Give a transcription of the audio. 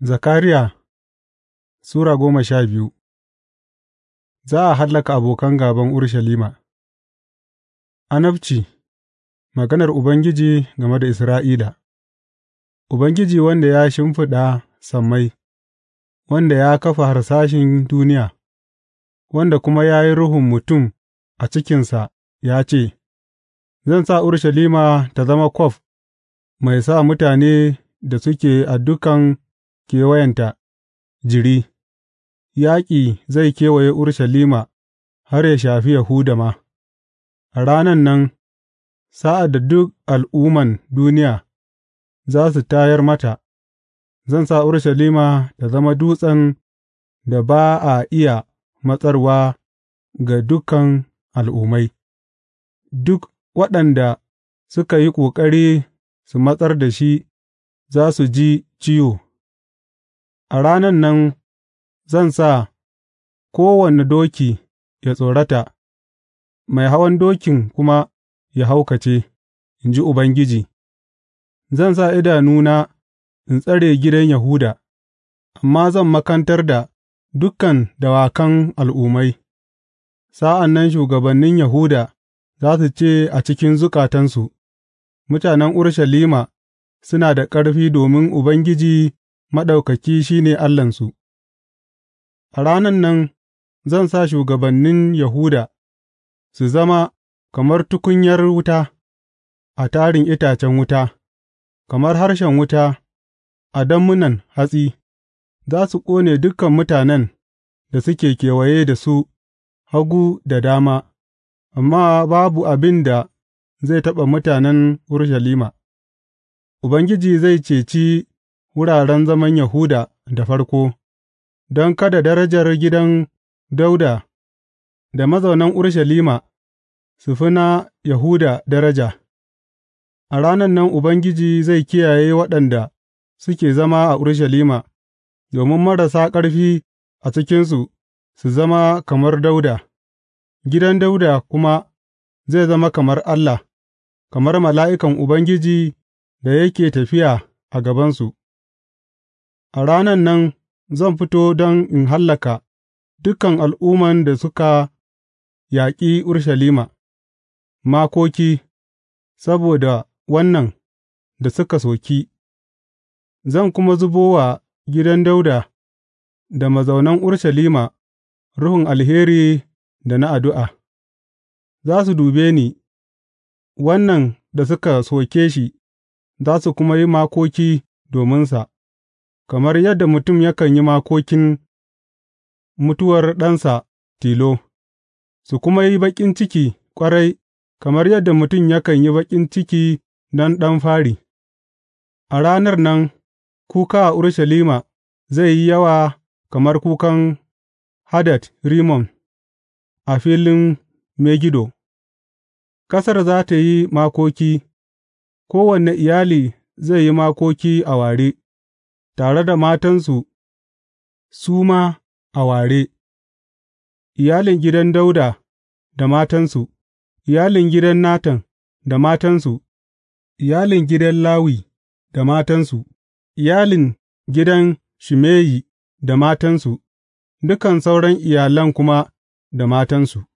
Zakariya Sura goma sha biyu Za a hallaka abokan gaban Urushalima Anabci, Maganar Ubangiji game da Isra'ila Ubangiji wanda ya shimfiɗa sammai, wanda ya kafa harsashin duniya, wanda kuma ya yi ruhun mutum a cikinsa ya ce, Zan sa Urushalima ta zama kwaf mai sa mutane da suke a dukan kewayenta jiri, yaƙi zai kewaye Urushalima har ya shafi Yahuda ma, a ranan nan, sa'ad da duk al'umman duniya za su tayar mata, zan sa Urushalima ta zama dutsen da ba a iya matsarwa ga dukan al'ummai, duk waɗanda suka yi ƙoƙari su matsar da shi za su ji ciwo. A ranan nan zan sa kowane doki ya tsorata, mai hawan dokin kuma ya haukace, in ji Ubangiji; zan sa idanuna in tsare gidan Yahuda, amma zan makantar da dukan dawakan al'ummai, sa'an nan shugabannin Yahuda za su ce a cikin zukatansu, Mutanen Urushalima suna da ƙarfi domin Ubangiji Maɗaukaki shi ne Allahnsu A ranan nan zan sa shugabannin Yahuda su zama kamar tukunyar wuta a tarin itacen wuta, kamar harshen wuta a damunan hatsi; za su ƙone dukan mutanen da suke kewaye da su hagu da dama, amma babu abin da zai taɓa mutanen Urushalima Ubangiji zai ceci wuraren zaman Yahuda da farko, don kada darajar gidan Dauda da mazaunan Urushalima su fi na Yahuda daraja, a ranan nan Ubangiji zai kiyaye waɗanda suke zama a Urushalima, domin marasa ƙarfi a cikinsu su zama kamar Dauda, gidan Dauda kuma zai zama kamar Allah, kamar mala'ikan Ubangiji da yake tafiya a gabansu. A ranan nan zan fito don in hallaka dukan al'umman da suka yaƙi Urushalima, makoki saboda wannan da suka soki, zan kuma zubo wa gidan Dauda da mazaunan Urushalima ruhun alheri da na addu'a, za su dube ni, wannan da suka soke shi za su kuma yi makoki dominsa. Kamar yadda mutum yakan yi makokin mutuwar ɗansa tilo, su kuma yi baƙin ciki ƙwarai kamar yadda mutum yakan yi baƙin ciki don ɗan fari, a ranar nan kuka a Urushalima zai yi yawa kamar kukan Hadad Rimon a filin Megiddo; ƙasar za ta yi makoki, kowane iyali zai yi makoki a ware. tare da matansu su ma a ware, iyalin gidan Dauda da matansu, iyalin gidan Natan da matansu, iyalin gidan Lawi da matansu, iyalin gidan Shimeyi da matansu, dukan sauran iyalan kuma da matansu.